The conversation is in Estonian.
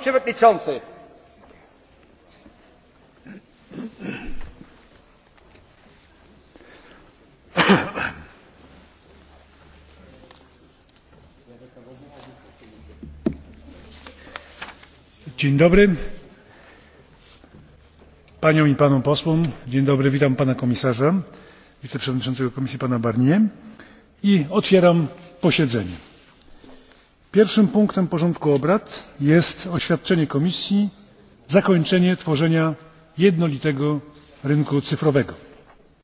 przewodniczący! dzień dobry paniom i panom posłom. dzień dobry witam pana komisarza wiceprzewodniczącego komisji pana barnier i otwieram posiedzenie pierwszym punktem porządku obrad jest oświadczenie komisji zakończenie tworzenia jednolitego rynku cyfrowego.